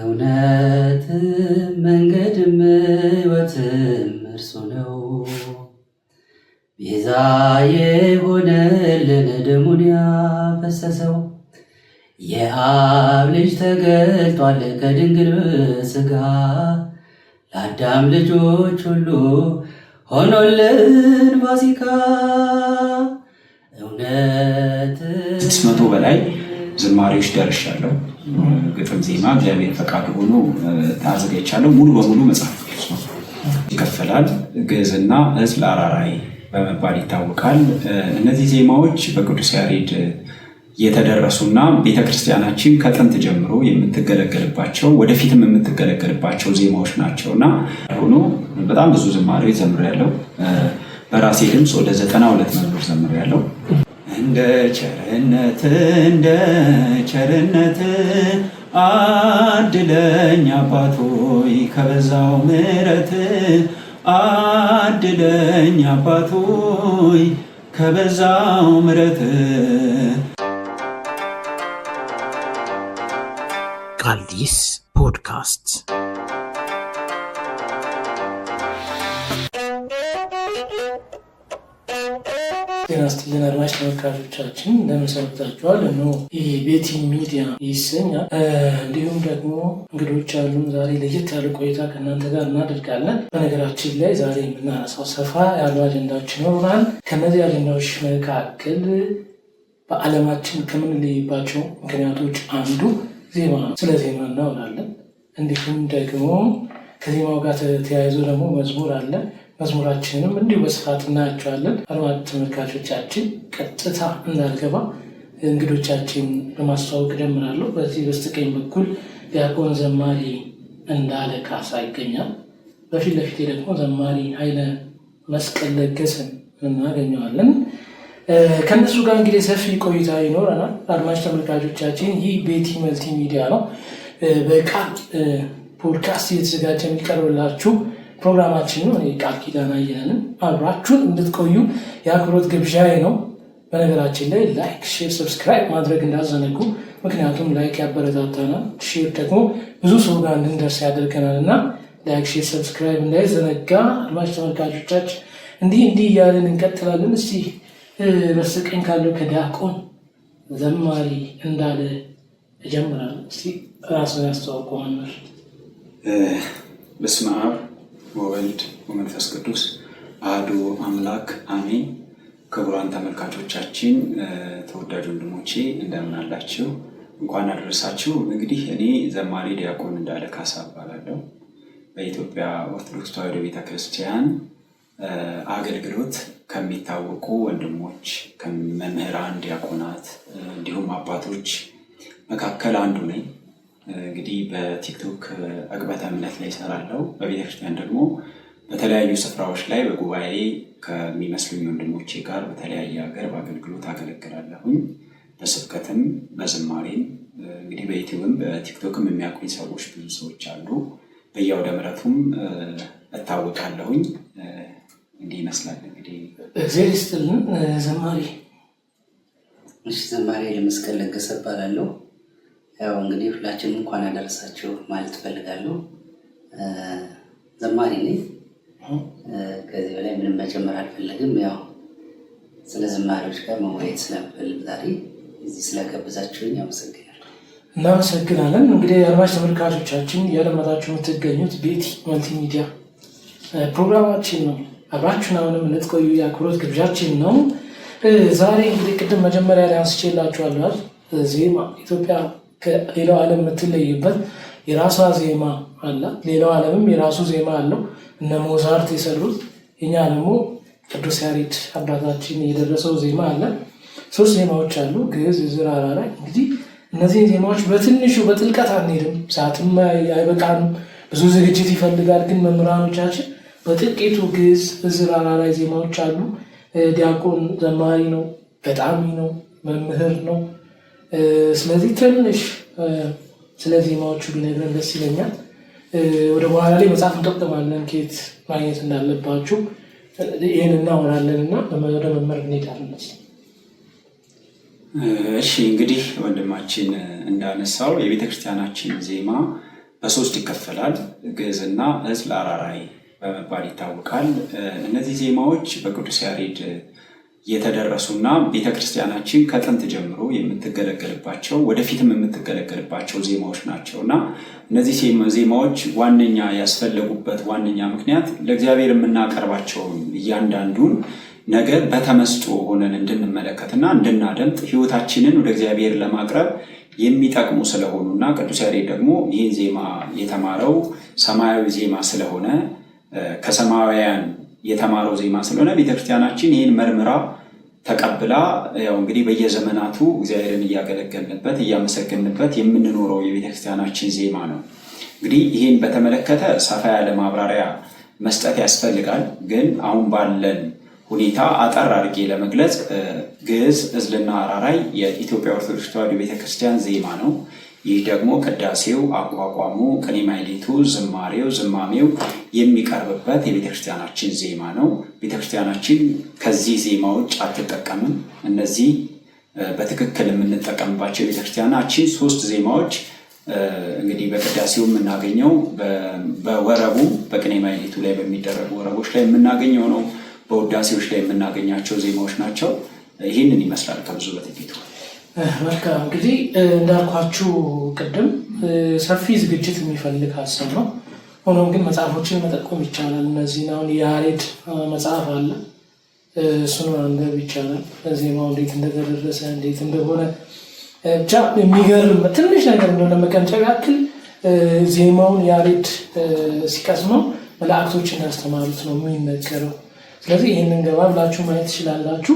እውነትም መንገድም ሕይወትም እርሱ ነው። ቤዛ የሆነልን ደሙን ያፈሰሰው የአብ ልጅ ተገልጧል ከድንግል በሥጋ ለአዳም ልጆች ሁሉ ሆኖልን ፋሲካ። እውነት ስድስት መቶ በላይ ዝማሬዎች ደርሻለሁ። ግጥም፣ ዜማ እግዚአብሔር ፈቃድ ሆኖ ታዘጋጅቻለሁ። ሙሉ በሙሉ መጽሐፍ ቅዱስ ነው። ይከፈላል። ግዕዝና ዕዝል ለአራራይ በመባል ይታወቃል። እነዚህ ዜማዎች በቅዱስ ያሬድ የተደረሱና ቤተክርስቲያናችን ከጥንት ጀምሮ የምትገለገልባቸው ወደፊትም የምትገለገልባቸው ዜማዎች ናቸው እና ሆኖ በጣም ብዙ ዝማሬዎች ያለው በራሴ ድምፅ ወደ ዘጠና ሁለት መዝሙር ያለው። እንደ ቸርነት እንደ ቸርነት አድለኝ አባቶይ ከበዛው ምረት አድለኝ አባቶይ ከበዛው ምረት ቃልዲስ ፖድካስት ጤና ይስጥልን አድማጭ ተመልካቾቻችን እንደምን ሰንብታችኋል? ቤቲ ሚዲያ ይሰኛል። እንዲሁም ደግሞ እንግዶች አሉን። ዛሬ ለየት ያለ ቆይታ ከእናንተ ጋር እናደርጋለን። በነገራችን ላይ ዛሬ የምናነሳው ሰፋ ያሉ አጀንዳዎች ይኖሩናል። ከነዚህ አጀንዳዎች መካከል በዓለማችን ከምንለይባቸው ምክንያቶች አንዱ ዜማ ነው። ስለ ዜማ እናወራለን። እንዲሁም ደግሞ ከዜማው ጋር ተያይዞ ደግሞ መዝሙር አለ መዝሙራችንንም እንዲሁ በስፋት እናያቸዋለን። አድማጭ ተመልካቾቻችን ቀጥታ እንዳልገባ እንግዶቻችን በማስተዋወቅ እጀምራለሁ። በዚህ በስተቀኝ በኩል ዲያቆን ዘማሪ እንዳለ ካሳ ይገኛል። በፊት ለፊቴ ደግሞ ዘማሪ ኃይለ መስቀል ለገሰን እናገኘዋለን። ከእነሱ ጋር እንግዲህ ሰፊ ቆይታ ይኖረናል። አድማጭ ተመልካቾቻችን ይህ ቤቲ መልቲ ሚዲያ ነው። በቃል ፖድካስት እየተዘጋጀ የሚቀርብላችሁ ፕሮግራማችን ነው። ቃል ኪዳን አያንን አብራችሁን እንድትቆዩ የአክብሮት ግብዣዬ ነው። በነገራችን ላይ ላይክ፣ ሼር፣ ሰብስክራይብ ማድረግ እንዳዘነጉ። ምክንያቱም ላይክ ያበረታታናል፣ ሼር ደግሞ ብዙ ሰው ጋር እንድንደርስ ያደርገናል እና ላይክ፣ ሼር፣ ሰብስክራይብ እንዳይዘነጋ አድማጭ ተመልካቾቻችን። እንዲህ እንዲህ እያለን እንቀጥላለን። እስቲ በስተቀኝ ካለው ከዲያቆን ዘማሪ እንዳለ እጀምራለሁ። እስቲ ራሱን ያስተዋውቁ መምህር። በስመ አብ ወወልድ ወመንፈስ ቅዱስ አህዱ አምላክ አሜን። ክቡራን ተመልካቾቻችን ተወዳጅ ወንድሞቼ እንደምን አላችሁ? እንኳን አደረሳችሁ። እንግዲህ እኔ ዘማሪ ዲያቆን እንዳለ ካሳ እባላለሁ። በኢትዮጵያ ኦርቶዶክስ ተዋሕዶ ቤተክርስቲያን አገልግሎት ከሚታወቁ ወንድሞች ከመምህራን፣ ዲያቆናት እንዲሁም አባቶች መካከል አንዱ ነኝ። እንግዲህ በቲክቶክ አግባታ እምነት ላይ ይሰራለው። በቤተክርስቲያን ደግሞ በተለያዩ ስፍራዎች ላይ በጉባኤ ከሚመስሉኝ ወንድሞቼ ጋር በተለያየ ሀገር በአገልግሎት አገለግላለሁኝ። በስብከትም በዝማሬም እንግዲህ በዩቲዩብም በቲክቶክም የሚያውቁኝ ሰዎች ብዙ ሰዎች አሉ። በየአውደ ምሕረቱም እታወቃለሁኝ። እንዲህ ይመስላል እንግዲህ እግዜር ይስጥልን። ዘማሪ ዘማሪ ለመስቀል ለገሰ እባላለሁ። ያው እንግዲህ ሁላችንም እንኳን አደረሳችሁ ማለት እፈልጋለሁ። ዘማሪ ነኝ። ከዚህ በላይ ምንም መጀመር አልፈለግም። ያው ስለ ዘማሪዎች ጋር መወያየት ስለምፈልግ ዛሬ እዚህ ስለጋበዛችሁኝ አመሰግናለሁ። እናመሰግናለን። እንግዲህ አድማጭ ተመልካቾቻችን እያደመጣችሁ የምትገኙት ቤቲ መልቲሚዲያ ፕሮግራማችን ነው። አብራችሁን አሁንም እንድትቆዩ የአክብሮት ግብዣችን ነው። ዛሬ እንግዲህ ቅድም መጀመሪያ ላይ አንስቼላችኋለሁ ዜማ ኢትዮጵያ ከሌላው ዓለም የምትለይበት የራሷ ዜማ አላት። ሌላው ዓለምም የራሱ ዜማ አለው። እነ ሞዛርት የሰሩት እኛ ደግሞ ቅዱስ ያሬድ አባታችን የደረሰው ዜማ አለ። ሶስት ዜማዎች አሉ፣ ግዕዝ፣ ዕዝል፣ አራራ። እንግዲህ እነዚህን ዜማዎች በትንሹ በጥልቀት አንሄድም፣ ሰዓትም አይበቃም፣ ብዙ ዝግጅት ይፈልጋል። ግን መምህራኖቻችን በጥቂቱ ግዕዝ፣ ዕዝል፣ አራራይ ዜማዎች አሉ። ዲያቆን ዘማሪ ነው፣ ገጣሚ ነው፣ መምህር ነው። ስለዚህ ትንሽ ስለ ዜማዎቹ ቢነግረን ደስ ይለኛል። ወደ በኋላ ላይ መጽሐፍ እንጠቅማለን ኬት ማግኘት እንዳለባችሁ ይህን እናወራለን እና ወደ መመር እንሄዳለን። እሺ እንግዲህ ወንድማችን እንዳነሳው የቤተክርስቲያናችን ዜማ በሶስት ይከፈላል። ግዕዝና ዕዝል፣ አራራይ በመባል ይታወቃል። እነዚህ ዜማዎች በቅዱስ ያሬድ የተደረሱና ቤተ ክርስቲያናችን ከጥንት ጀምሮ የምትገለገልባቸው ወደፊትም የምትገለገልባቸው ዜማዎች ናቸው እና እነዚህ ዜማዎች ዋነኛ ያስፈለጉበት ዋነኛ ምክንያት ለእግዚአብሔር የምናቀርባቸውን እያንዳንዱን ነገር በተመስጦ ሆነን እንድንመለከትና እንድናደምጥ ሕይወታችንን ወደ እግዚአብሔር ለማቅረብ የሚጠቅሙ ስለሆኑ እና ቅዱስ ያሬድ ደግሞ ይህን ዜማ የተማረው ሰማያዊ ዜማ ስለሆነ ከሰማያውያን የተማረው ዜማ ስለሆነ ቤተክርስቲያናችን ይህን መርምራ ተቀብላ ያው እንግዲህ በየዘመናቱ እግዚአብሔርን እያገለገልንበት እያመሰገንበት የምንኖረው የቤተክርስቲያናችን ዜማ ነው። እንግዲህ ይህን በተመለከተ ሰፋ ያለ ማብራሪያ መስጠት ያስፈልጋል። ግን አሁን ባለን ሁኔታ አጠር አድርጌ ለመግለጽ ግዕዝ፣ እዝልና አራራይ የኢትዮጵያ ኦርቶዶክስ ተዋሕዶ ቤተክርስቲያን ዜማ ነው። ይህ ደግሞ ቅዳሴው፣ አቋቋሙ፣ ቅኔ ማኅሌቱ፣ ዝማሬው፣ ዝማሜው የሚቀርብበት የቤተክርስቲያናችን ዜማ ነው። ቤተክርስቲያናችን ከዚህ ዜማ ውጭ አትጠቀምም። እነዚህ በትክክል የምንጠቀምባቸው የቤተክርስቲያናችን ሶስት ዜማዎች እንግዲህ በቅዳሴው የምናገኘው በወረቡ በቅኔ ማኅሌቱ ላይ በሚደረጉ ወረቦች ላይ የምናገኘው ነው። በውዳሴዎች ላይ የምናገኛቸው ዜማዎች ናቸው። ይህንን ይመስላል ከብዙ በጥቂቱ። መልካም እንግዲህ እንዳልኳችሁ ቅድም ሰፊ ዝግጅት የሚፈልግ ሀሳብ ነው። ሆኖም ግን መጽሐፎችን መጠቆም ይቻላል። እነዚህ አሁን የያሬድ መጽሐፍ አለ፣ እሱን አንገብ ይቻላል። ዜማው እንዴት እንደተደረሰ እንዴት እንደሆነ ብቻ የሚገርም ትንሽ ነገር እንደሆነ መቀንጨብ ያክል ዜማውን ያሬድ ሲቀስመው መላእክቶችን እንዳስተማሩት ነው የሚነገረው። ስለዚህ ይህንን ገባ ብላችሁ ማየት ትችላላችሁ።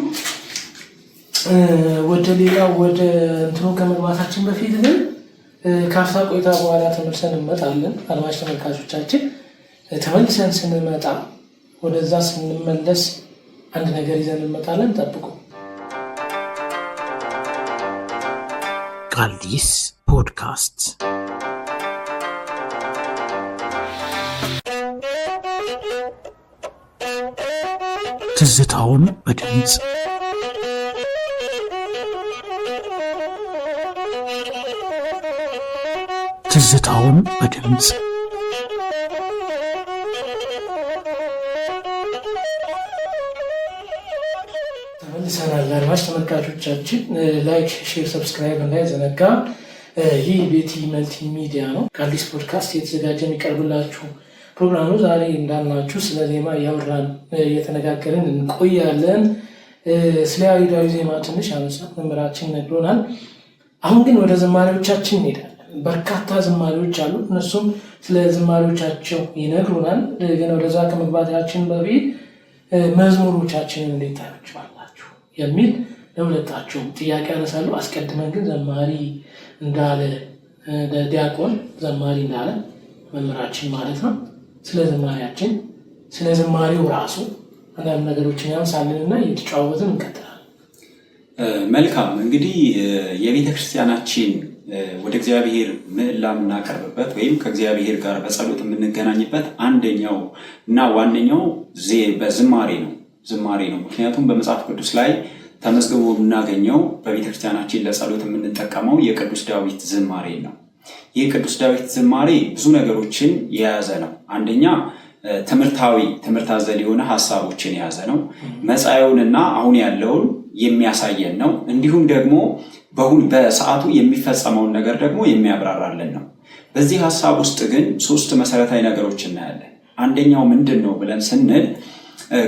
ወደ ሌላው ወደ እንትኑ ከመግባታችን በፊት ግን ከአፍታ ቆይታ በኋላ ተመልሰን እንመጣለን። አድማጭ ተመልካቾቻችን ተመልሰን ስንመጣ ወደዛ ስንመለስ አንድ ነገር ይዘን እንመጣለን። ጠብቁ። ቃልዲስ ፖድካስት ትዝታውን በድምፅ ትዝታውን በድምፅ ተመልሰናል። አድማጭ ተመልካቾቻችን ላይክ፣ ሼር፣ ሰብስክራይብ እንዳይዘነጋ። ይህ ቤቲ መልቲ ሚዲያ ነው። ከአዲስ ፖድካስት የተዘጋጀ የሚቀርብላችሁ ፕሮግራም ነው። ዛሬ እንዳልናችሁ ስለ ዜማ እያወራን እየተነጋገርን እንቆያለን። ስለ ያሬዳዊ ዜማ ትንሽ ያነሳ መምህራችን ነግሮናል። አሁን ግን ወደ ዘማሪዎቻችን እንሄዳለን። በርካታ ዝማሬዎች አሉ። እነሱም ስለ ዝማሪዎቻቸው ይነግሩናል። ግን ወደዛ ከመግባታችን በፊት መዝሙሮቻችንን እንዴት ታዩቸዋላችሁ የሚል ለሁለታቸው ጥያቄ ያነሳሉ። አስቀድመን ግን ዘማሪ እንዳለ ዲያቆን ዘማሪ እንዳለ መምህራችን ማለት ነው ስለ ዝማሬያችን ስለ ዝማሬው ራሱ አንዳንድ ነገሮችን እና እየተጫወትን እንቀጥላለን። መልካም እንግዲህ የቤተክርስቲያናችን። ወደ እግዚአብሔር ምዕላ የምናቀርብበት ወይም ከእግዚአብሔር ጋር በጸሎት የምንገናኝበት አንደኛው እና ዋነኛው በዝማሬ ነው ዝማሬ ነው። ምክንያቱም በመጽሐፍ ቅዱስ ላይ ተመዝግቦ የምናገኘው በቤተክርስቲያናችን ለጸሎት የምንጠቀመው የቅዱስ ዳዊት ዝማሬ ነው። ይህ ቅዱስ ዳዊት ዝማሬ ብዙ ነገሮችን የያዘ ነው። አንደኛ ትምህርታዊ ትምህርት አዘል የሆነ ሀሳቦችን የያዘ ነው። መጻኤውንና አሁን ያለውን የሚያሳየን ነው። እንዲሁም ደግሞ በሰዓቱ የሚፈጸመውን ነገር ደግሞ የሚያብራራልን ነው። በዚህ ሀሳብ ውስጥ ግን ሶስት መሰረታዊ ነገሮች እናያለን። አንደኛው ምንድን ነው ብለን ስንል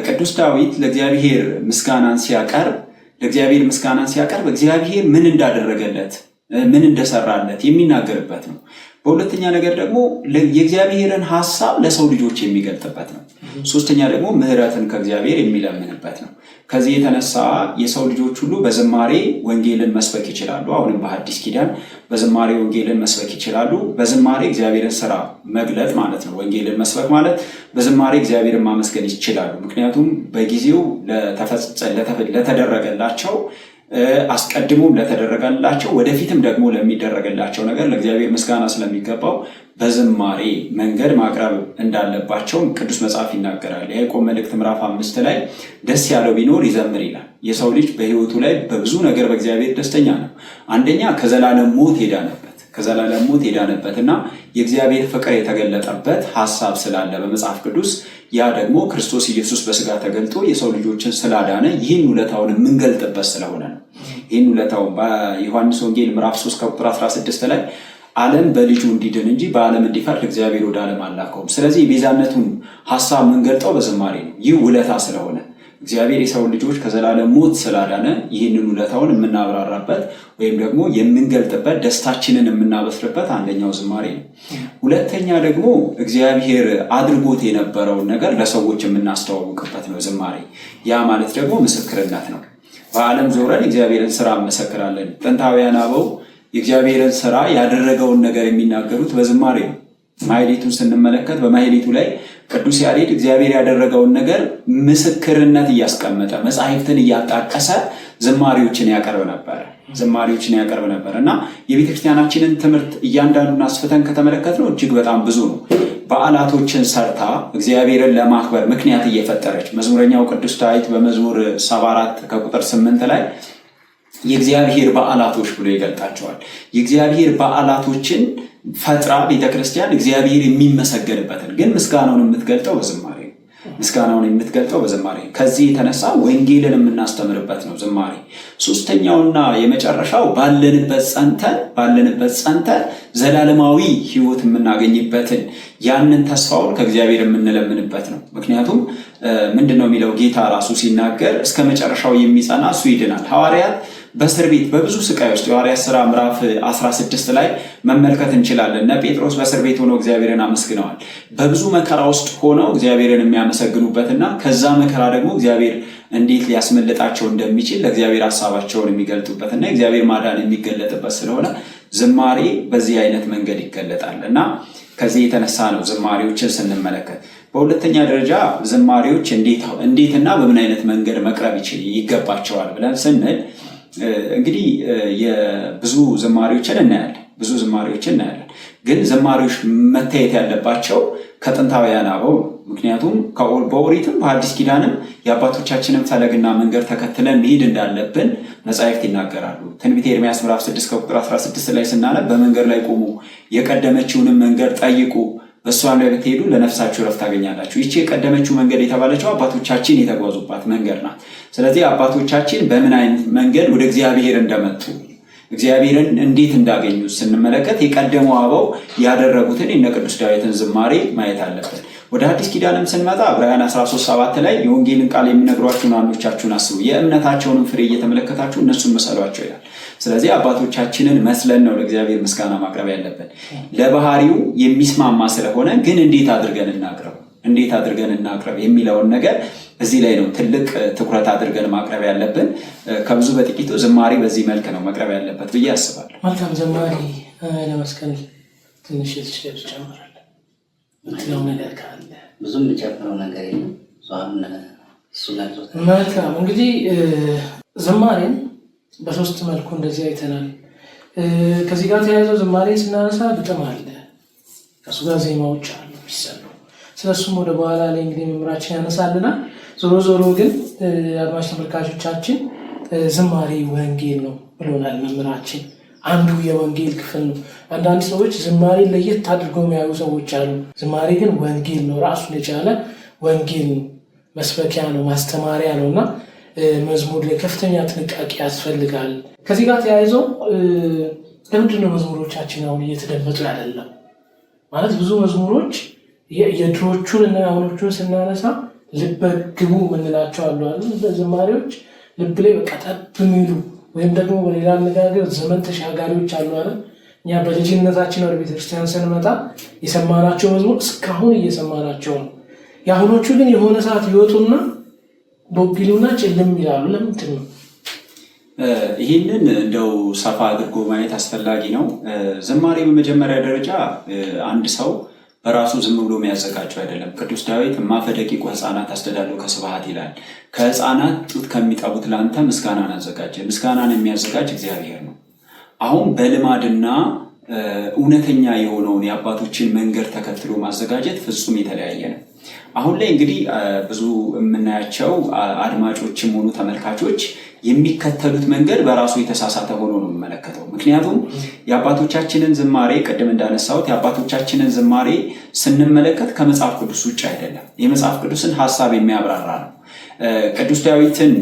ቅዱስ ዳዊት ለእግዚአብሔር ምስጋናን ሲያቀርብ ለእግዚአብሔር ምስጋናን ሲያቀርብ እግዚአብሔር ምን እንዳደረገለት ምን እንደሰራለት የሚናገርበት ነው። በሁለተኛ ነገር ደግሞ የእግዚአብሔርን ሀሳብ ለሰው ልጆች የሚገልጥበት ነው። ሶስተኛ ደግሞ ምሕረትን ከእግዚአብሔር የሚለምንበት ነው። ከዚህ የተነሳ የሰው ልጆች ሁሉ በዝማሬ ወንጌልን መስበክ ይችላሉ። አሁንም በሐዲስ ኪዳን በዝማሬ ወንጌልን መስበክ ይችላሉ። በዝማሬ እግዚአብሔርን ስራ መግለጥ ማለት ነው። ወንጌልን መስበክ ማለት በዝማሬ እግዚአብሔርን ማመስገን ይችላሉ። ምክንያቱም በጊዜው ለተደረገላቸው አስቀድሞም ለተደረገላቸው ወደፊትም ደግሞ ለሚደረግላቸው ነገር ለእግዚአብሔር ምስጋና ስለሚገባው በዝማሬ መንገድ ማቅረብ እንዳለባቸውም ቅዱስ መጽሐፍ ይናገራል። የያዕቆብ መልእክት ምዕራፍ አምስት ላይ ደስ ያለው ቢኖር ይዘምር ይላል። የሰው ልጅ በሕይወቱ ላይ በብዙ ነገር በእግዚአብሔር ደስተኛ ነው። አንደኛ ከዘላለም ሞት ሄዳ ነበር ከዘላለም ሞት የዳነበት እና የእግዚአብሔር ፍቅር የተገለጠበት ሀሳብ ስላለ በመጽሐፍ ቅዱስ ያ ደግሞ ክርስቶስ ኢየሱስ በስጋ ተገልጦ የሰው ልጆችን ስላዳነ ይህን ውለታውን የምንገልጥበት ስለሆነ ነው። ይህን ውለታውን በዮሐንስ ወንጌል ምዕራፍ 3 ከቁጥር 16 ላይ ዓለም በልጁ እንዲድን እንጂ በዓለም እንዲፈርድ እግዚአብሔር ወደ ዓለም አላከውም። ስለዚህ የቤዛነቱን ሀሳብ የምንገልጠው በዝማሬ ነው። ይህ ውለታ ስለሆነ እግዚአብሔር የሰውን ልጆች ከዘላለም ሞት ስላዳነ ይህንን ውለታውን የምናብራራበት ወይም ደግሞ የምንገልጥበት ደስታችንን የምናበስርበት አንደኛው ዝማሬ ነው። ሁለተኛ ደግሞ እግዚአብሔር አድርጎት የነበረውን ነገር ለሰዎች የምናስተዋውቅበት ነው ዝማሬ። ያ ማለት ደግሞ ምስክርነት ነው። በዓለም ዞረን እግዚአብሔርን ስራ እንመሰክራለን። ጥንታውያን አበው የእግዚአብሔርን ስራ ያደረገውን ነገር የሚናገሩት በዝማሬ ነው። ማህሌቱን ስንመለከት በማህሌቱ ላይ ቅዱስ ያሬድ እግዚአብሔር ያደረገውን ነገር ምስክርነት እያስቀመጠ መጽሐፍትን እያጣቀሰ ዝማሪዎችን ያቀርብ ነበር ዝማሪዎችን ያቀርብ ነበር እና የቤተክርስቲያናችንን ትምህርት እያንዳንዱን አስፍተን ከተመለከትነው እጅግ በጣም ብዙ ነው። በዓላቶችን ሰርታ እግዚአብሔርን ለማክበር ምክንያት እየፈጠረች መዝሙረኛው ቅዱስ ዳዊት በመዝሙር 74 ከቁጥር 8 ላይ የእግዚአብሔር በዓላቶች ብሎ ይገልጣቸዋል። የእግዚአብሔር በዓላቶችን ፈጥራ ቤተክርስቲያን እግዚአብሔር የሚመሰገንበትን ግን ምስጋናውን የምትገልጠው በዝማሬ ምስጋናውን የምትገልጠው በዝማሬ ከዚህ የተነሳ ወንጌልን የምናስተምርበት ነው ዝማሬ። ሶስተኛውና የመጨረሻው ባለንበት ጸንተን ባለንበት ጸንተን ዘላለማዊ ሕይወት የምናገኝበትን ያንን ተስፋውን ከእግዚአብሔር የምንለምንበት ነው። ምክንያቱም ምንድን ነው የሚለው ጌታ ራሱ ሲናገር እስከ መጨረሻው የሚጸና እሱ ይድናል ሐዋርያት በእስር ቤት በብዙ ስቃይ ውስጥ የሐዋርያት ሥራ ምዕራፍ 16 ላይ መመልከት እንችላለን። እነ ጴጥሮስ በእስር ቤት ሆነው እግዚአብሔርን አመስግነዋል። በብዙ መከራ ውስጥ ሆነው እግዚአብሔርን የሚያመሰግኑበትና ከዛ መከራ ደግሞ እግዚአብሔር እንዴት ሊያስመልጣቸው እንደሚችል ለእግዚአብሔር ሀሳባቸውን የሚገልጡበትና እግዚአብሔር ማዳን የሚገለጥበት ስለሆነ ዝማሬ በዚህ አይነት መንገድ ይገለጣል እና ከዚህ የተነሳ ነው ዝማሬዎችን ስንመለከት። በሁለተኛ ደረጃ ዝማሬዎች እንዴትና በምን አይነት መንገድ መቅረብ ይገባቸዋል ብለን ስንል እንግዲህ ብዙ ዝማሬዎችን እናያለን ብዙ ዝማሬዎችን እናያለን። ግን ዝማሬዎች መታየት ያለባቸው ከጥንታውያን አበው ምክንያቱም በኦሪትም በአዲስ ኪዳንም የአባቶቻችንን ፈለግና መንገድ ተከትለን መሄድ እንዳለብን መጻሕፍት ይናገራሉ። ትንቢት ኤርሚያስ ምዕራፍ 6 ከቁጥር 16 ላይ ስናነብ በመንገድ ላይ ቁሙ፣ የቀደመችውንም መንገድ ጠይቁ በእሷም ላይ ብትሄዱ ለነፍሳችሁ ረፍት ታገኛላችሁ። ይቺ የቀደመችው መንገድ የተባለችው አባቶቻችን የተጓዙባት መንገድ ናት። ስለዚህ አባቶቻችን በምን አይነት መንገድ ወደ እግዚአብሔር እንደመጡ እግዚአብሔርን እንዴት እንዳገኙ ስንመለከት የቀደሙ አበው ያደረጉትን የነ ቅዱስ ዳዊትን ዝማሬ ማየት አለብን። ወደ አዲስ ኪዳንም ስንመጣ ዕብራውያን 13፥7 ላይ የወንጌልን ቃል የሚነግሯችሁን አኖቻችሁን አስቡ፣ የእምነታቸውንም ፍሬ እየተመለከታችሁ እነሱን መሰሏቸው ይላል። ስለዚህ አባቶቻችንን መስለን ነው ለእግዚአብሔር ምስጋና ማቅረብ ያለብን። ለባህሪው የሚስማማ ስለሆነ ግን እንዴት አድርገን እናቅረብ እንዴት አድርገን እናቅረብ የሚለውን ነገር እዚህ ላይ ነው ትልቅ ትኩረት አድርገን ማቅረብ ያለብን። ከብዙ በጥቂቱ ዝማሬ በዚህ መልክ ነው መቅረብ ያለበት ብዬ አስባለሁ። መልካም ዝማሬ ለመስቀል ትንሽ ምትለው ነገር ካለ ብዙም የምጨምረው ነገር የለም። መልካም እንግዲህ ዝማሬን በሶስት መልኩ እንደዚህ አይተናል። ከዚህ ጋር ተያይዘው ዝማሬ ስናነሳ ግጥም አለ፣ ከሱ ጋር ዜማዎች አሉ የሚሰሉ ስለሱም ወደ በኋላ ላይ እንግዲህ መምህራችን ያነሳልና ዞሮ ዞሮ ግን አድማጭ ተመልካቾቻችን ዝማሬ ወንጌል ነው ብሎናል መምህራችን። አንዱ የወንጌል ክፍል ነው። አንዳንድ ሰዎች ዝማሬ ለየት አድርገው የሚያዩ ሰዎች አሉ። ዝማሬ ግን ወንጌል ነው፣ ራሱን የቻለ ወንጌል ነው፣ መስበኪያ ነው፣ ማስተማሪያ ነው እና መዝሙር ላይ ከፍተኛ ጥንቃቄ ያስፈልጋል። ከዚህ ጋር ተያይዘው ለምንድን ነው መዝሙሮቻችን አሁን እየተደመጡ ያደለም? ማለት ብዙ መዝሙሮች የድሮቹን እና አሁኖቹን ስናነሳ ልበ ግቡ የምንላቸው አሉ። ዝማሬዎች ልብ ላይ በቃ ጠብ የሚሉ ወይም ደግሞ በሌላ አነጋገር ዘመን ተሻጋሪዎች አሉ አለ። እኛ በልጅነታችን ወደ ቤተክርስቲያን ስንመጣ የሰማናቸው መዝሙር እስካሁን እየሰማናቸው ነው። የአሁኖቹ ግን የሆነ ሰዓት ይወጡና ቦጊሉና ጭልም ይላሉ። ለምንድን ነው? ይህንን እንደው ሰፋ አድርጎ ማየት አስፈላጊ ነው። ዝማሬ በመጀመሪያ ደረጃ አንድ ሰው በራሱ ዝም ብሎ የሚያዘጋጀው አይደለም። ቅዱስ ዳዊት እማፈደቂቁ ህፃናት አስተዳለው ከስብሃት ይላል። ከህፃናት ጡት ከሚጠቡት ለአንተ ምስጋናን አዘጋጀ። ምስጋናን የሚያዘጋጅ እግዚአብሔር ነው። አሁን በልማድና እውነተኛ የሆነውን የአባቶችን መንገድ ተከትሎ ማዘጋጀት ፍጹም የተለያየ ነው። አሁን ላይ እንግዲህ ብዙ የምናያቸው አድማጮችም ሆኑ ተመልካቾች የሚከተሉት መንገድ በራሱ የተሳሳተ ሆኖ ነው የምመለከተው። ምክንያቱም የአባቶቻችንን ዝማሬ ቅድም እንዳነሳሁት የአባቶቻችንን ዝማሬ ስንመለከት ከመጽሐፍ ቅዱስ ውጭ አይደለም፣ የመጽሐፍ ቅዱስን ሀሳብ የሚያብራራ ነው። ቅዱስ ዳዊትን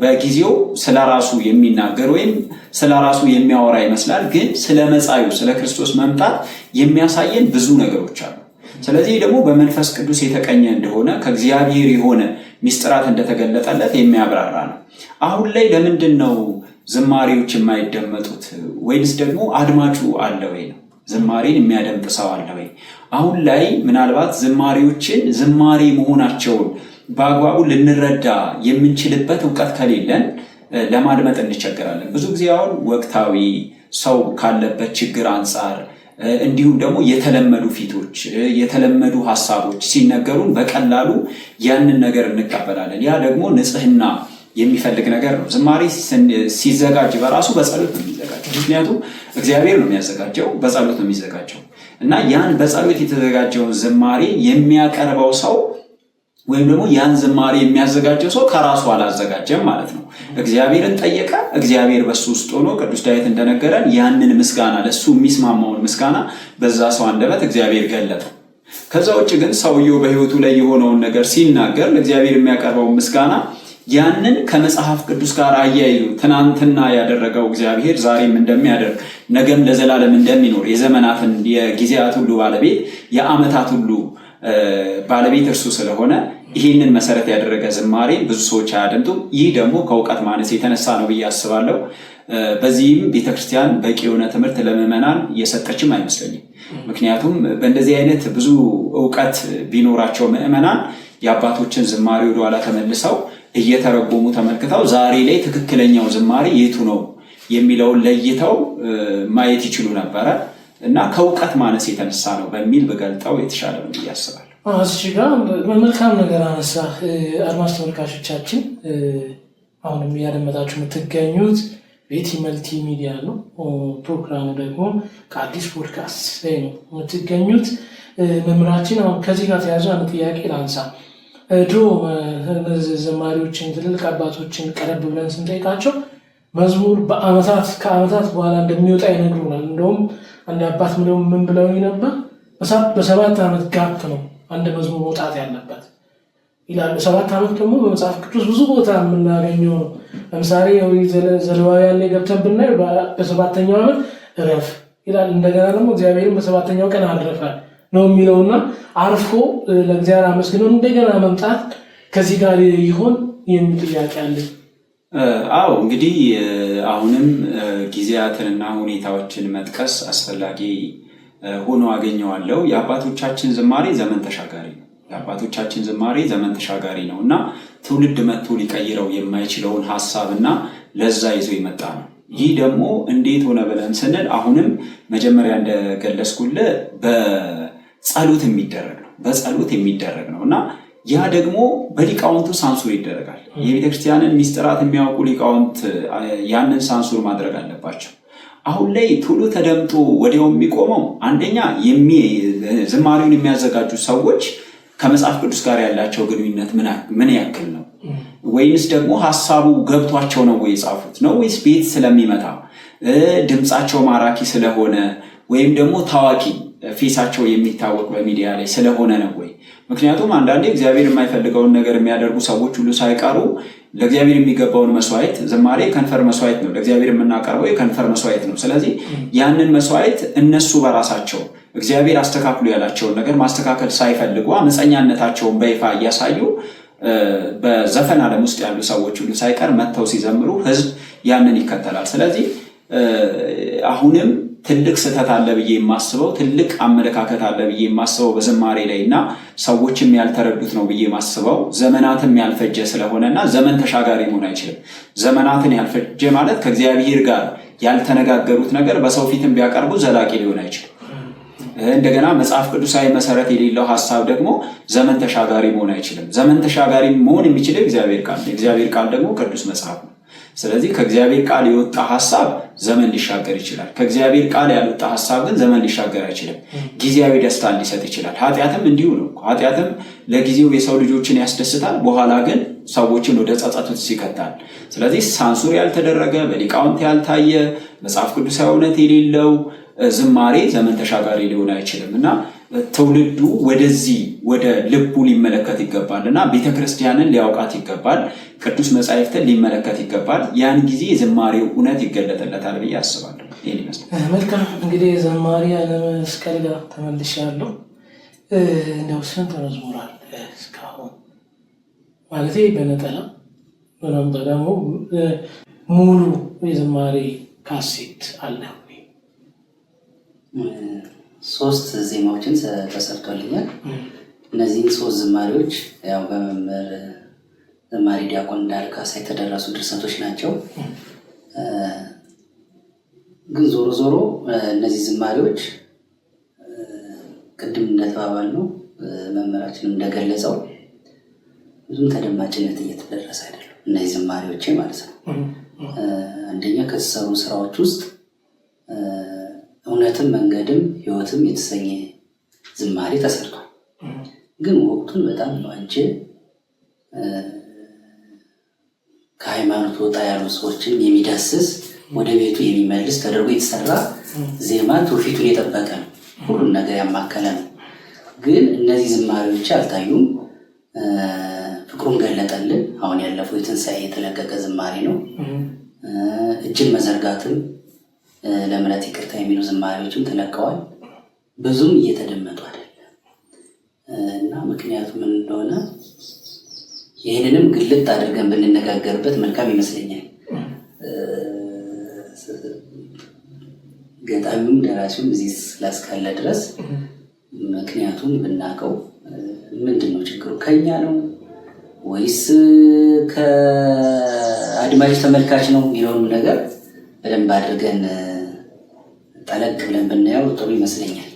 በጊዜው ስለ ራሱ የሚናገር ወይም ስለ ራሱ የሚያወራ ይመስላል፣ ግን ስለ መጻዩ ስለ ክርስቶስ መምጣት የሚያሳየን ብዙ ነገሮች አሉ። ስለዚህ ደግሞ በመንፈስ ቅዱስ የተቀኘ እንደሆነ ከእግዚአብሔር የሆነ ሚስጥራት እንደተገለጠለት የሚያብራራ ነው። አሁን ላይ ለምንድን ነው ዝማሬዎች የማይደመጡት? ወይንስ ደግሞ አድማጩ አለ ወይ ነው? ዝማሬን የሚያደምጥ ሰው አለ ወይ? አሁን ላይ ምናልባት ዝማሬዎችን ዝማሬ መሆናቸውን በአግባቡ ልንረዳ የምንችልበት እውቀት ከሌለን ለማድመጥ እንቸገራለን። ብዙ ጊዜ አሁን ወቅታዊ ሰው ካለበት ችግር አንጻር እንዲሁም ደግሞ የተለመዱ ፊቶች፣ የተለመዱ ሀሳቦች ሲነገሩን በቀላሉ ያንን ነገር እንቀበላለን። ያ ደግሞ ንጽህና የሚፈልግ ነገር ነው። ዝማሬ ሲዘጋጅ በራሱ በጸሎት ነው የሚዘጋጀው። ምክንያቱም እግዚአብሔር ነው የሚያዘጋጀው፣ በጸሎት ነው የሚዘጋጀው እና ያን በጸሎት የተዘጋጀውን ዝማሬ የሚያቀርበው ሰው ወይም ደግሞ ያን ዝማሬ የሚያዘጋጀው ሰው ከራሱ አላዘጋጀም ማለት ነው። እግዚአብሔርን ጠየቀ። እግዚአብሔር በሱ ውስጥ ሆኖ ቅዱስ ዳዊት እንደነገረን ያንን ምስጋና ለሱ የሚስማማውን ምስጋና በዛ ሰው አንደበት እግዚአብሔር ገለጠ። ከዛ ውጭ ግን ሰውየው በሕይወቱ ላይ የሆነውን ነገር ሲናገር ለእግዚአብሔር የሚያቀርበውን ምስጋና ያንን ከመጽሐፍ ቅዱስ ጋር አያይዙ ትናንትና ያደረገው እግዚአብሔር ዛሬም እንደሚያደርግ ነገም ለዘላለም እንደሚኖር የዘመናትን የጊዜያት ሁሉ ባለቤት የዓመታት ሁሉ ባለቤት እርሱ ስለሆነ ይህንን መሰረት ያደረገ ዝማሬ ብዙ ሰዎች አያደምጡም። ይህ ደግሞ ከእውቀት ማነስ የተነሳ ነው ብዬ አስባለሁ። በዚህም ቤተክርስቲያን በቂ የሆነ ትምህርት ለምዕመናን እየሰጠችም አይመስለኝም። ምክንያቱም በእንደዚህ አይነት ብዙ እውቀት ቢኖራቸው ምዕመናን የአባቶችን ዝማሬ ወደኋላ ተመልሰው እየተረጎሙ ተመልክተው ዛሬ ላይ ትክክለኛው ዝማሬ የቱ ነው የሚለውን ለይተው ማየት ይችሉ ነበረ እና ከእውቀት ማነስ የተነሳ ነው በሚል ብገልጠው የተሻለ ነው ብዬ አስባለሁ። እሺ ጋር መልካም ነገር አነሳ። አድማስ ተመልካቾቻችን አሁንም እያደመጣችሁ የምትገኙት ቤቲ መልቲ ሚዲያ ነው። ፕሮግራሙ ደግሞ ከአዲስ ፖድካስት ላይ ነው የምትገኙት። መምህራችን አሁን ከዚህ ጋር ተያዙ አንድ ጥያቄ ላንሳ። ድሮ ዘማሪዎችን ትልልቅ አባቶችን ቀረብ ብለን ስንጠይቃቸው መዝሙር በአመታት ከአመታት በኋላ እንደሚወጣ ይነግሩናል። እንደውም አንድ አባት ምለው ምን ብለው ነበር? በሰባት ዓመት ጋፕ ነው አንድ መዝሙር መውጣት ያለበት ይላሉ። ሰባት ዓመት ደግሞ በመጽሐፍ ቅዱስ ብዙ ቦታ የምናገኘው ነው። ለምሳሌ ዘሌዋውያን ላይ ገብተን ብናይ በሰባተኛው ዓመት እረፍ ይላል። እንደገና ደግሞ እግዚአብሔርን በሰባተኛው ቀን አረፈ ነው የሚለውና አርፎ ለእግዚአብሔር አመስግነው እንደገና መምጣት ከዚህ ጋር ይሆን የሚል ጥያቄ አለ። አዎ እንግዲህ አሁንም ጊዜያትንና ሁኔታዎችን መጥቀስ አስፈላጊ ሆኖ አገኘዋለሁ። የአባቶቻችን ዝማሬ ዘመን ተሻጋሪ ነው። የአባቶቻችን ዝማሬ ዘመን ተሻጋሪ ነው እና ትውልድ መጥቶ ሊቀይረው የማይችለውን ሀሳብና ለዛ ይዞ የመጣ ነው። ይህ ደግሞ እንዴት ሆነ ብለን ስንል አሁንም መጀመሪያ እንደገለጽኩል በጸሎት የሚደረግ ነው። በጸሎት የሚደረግ ነው እና ያ ደግሞ በሊቃውንቱ ሳንሱር ይደረጋል። የቤተክርስቲያንን ሚስጥራት የሚያውቁ ሊቃውንት ያንን ሳንሱር ማድረግ አለባቸው። አሁን ላይ ቶሎ ተደምጦ ወዲያው የሚቆመው አንደኛ ዝማሬውን የሚያዘጋጁ ሰዎች ከመጽሐፍ ቅዱስ ጋር ያላቸው ግንኙነት ምን ያክል ነው? ወይንስ ደግሞ ሀሳቡ ገብቷቸው ነው ወይ የጻፉት ነው? ወይስ ቤት ስለሚመታ ድምፃቸው ማራኪ ስለሆነ ወይም ደግሞ ታዋቂ ፌሳቸው የሚታወቅ በሚዲያ ላይ ስለሆነ ነው ወይ? ምክንያቱም አንዳንዴ እግዚአብሔር የማይፈልገውን ነገር የሚያደርጉ ሰዎች ሁሉ ሳይቀሩ ለእግዚአብሔር የሚገባውን መስዋዕት፣ ዝማሬ ከንፈር መስዋዕት ነው። ለእግዚአብሔር የምናቀርበው የከንፈር መስዋዕት ነው። ስለዚህ ያንን መስዋዕት እነሱ በራሳቸው እግዚአብሔር አስተካክሉ ያላቸውን ነገር ማስተካከል ሳይፈልጉ አመፀኛነታቸውን በይፋ እያሳዩ በዘፈን ዓለም ውስጥ ያሉ ሰዎች ሁሉ ሳይቀር መጥተው ሲዘምሩ ህዝብ ያንን ይከተላል። ስለዚህ አሁንም ትልቅ ስህተት አለ ብዬ የማስበው ትልቅ አመለካከት አለ ብዬ የማስበው በዝማሬ ላይ እና ሰዎችም ያልተረዱት ነው ብዬ የማስበው ዘመናትም ያልፈጀ ስለሆነ እና ዘመን ተሻጋሪ መሆን አይችልም። ዘመናትን ያልፈጀ ማለት ከእግዚአብሔር ጋር ያልተነጋገሩት ነገር በሰው ፊትም ቢያቀርቡ ዘላቂ ሊሆን አይችልም። እንደገና መጽሐፍ ቅዱሳዊ መሰረት የሌለው ሀሳብ ደግሞ ዘመን ተሻጋሪ መሆን አይችልም። ዘመን ተሻጋሪ መሆን የሚችለው እግዚአብሔር ቃል ነው። ቃል ደግሞ ቅዱስ መጽሐፍ ነው። ስለዚህ ከእግዚአብሔር ቃል የወጣ ሀሳብ ዘመን ሊሻገር ይችላል። ከእግዚአብሔር ቃል ያልወጣ ሀሳብ ግን ዘመን ሊሻገር አይችልም። ጊዜያዊ ደስታን ሊሰጥ ይችላል። ኃጢአትም እንዲሁ ነው። ኃጢአትም ለጊዜው የሰው ልጆችን ያስደስታል፣ በኋላ ግን ሰዎችን ወደ ጸጸቱት ይከታል። ስለዚህ ሳንሱር ያልተደረገ በሊቃውንት ያልታየ መጽሐፍ ቅዱሳዊ እውነት የሌለው ዝማሬ ዘመን ተሻጋሪ ሊሆን አይችልም እና ትውልዱ ወደዚህ ወደ ልቡ ሊመለከት ይገባል እና ቤተክርስቲያንን ሊያውቃት ይገባል። ቅዱስ መጻሕፍትን ሊመለከት ይገባል። ያን ጊዜ የዝማሬው እውነት ይገለጠለታል ብዬ አስባለሁ። ይህን ይመስላል። መልካም እንግዲህ ዘማሪ አለመስቀል ጋር ተመልሻለሁ። እንደው ስንት መዝሙራል እስካሁን? ማለት በነጠላ በናምጣ ደግሞ ሙሉ የዝማሬ ካሴት አለ ሶስት ዜማዎችን ተሰርቶልኛል። እነዚህን ሶስት ዝማሬዎች ያው በመምህር ማሪ ዲያቆን እንዳልካሳ የተደረሱ ድርሰቶች ናቸው። ግን ዞሮ ዞሮ እነዚህ ዝማሪዎች ቅድም እንደተባባሉ ነው እንደገለጸው ብዙም ተደማጭነት እየተደረሰ አይደለም። እነዚህ ዝማሪዎቼ ማለት ነው። አንደኛ ከተሰሩ ስራዎች ውስጥ እውነትም መንገድም ህይወትም የተሰኘ ዝማሬ ተሰርቷል። ግን ወቅቱን በጣም ዋንጀ ከሃይማኖት ወጣ ያሉ ሰዎችን የሚዳስስ ወደ ቤቱ የሚመልስ ተደርጎ የተሰራ ዜማ ትውፊቱን የጠበቀ ነው። ሁሉን ነገር ያማከለ ነው። ግን እነዚህ ዝማሬዎች አልታዩም። ፍቅሩን ገለጠልን። አሁን ያለፈው የትንሣኤ የተለቀቀ ዝማሬ ነው። እጅን መዘርጋትም ለምረት ይቅርታ የሚሉ ዝማሬዎችም ተለቀዋል። ብዙም እየተደመጡ አይደለም እና ምክንያቱ ምን እንደሆነ ይህንንም ግልጥ አድርገን ብንነጋገርበት መልካም ይመስለኛል። ገጣሚውም ደራሲውም እዚህ ስላስካለ ድረስ ምክንያቱም ብናውቀው ምንድን ነው ችግሩ? ከኛ ነው ወይስ ከአድማጭ ተመልካች ነው የሚለውንም ነገር በደንብ አድርገን ጠለቅ ብለን ብናየው ጥሩ ይመስለኛል።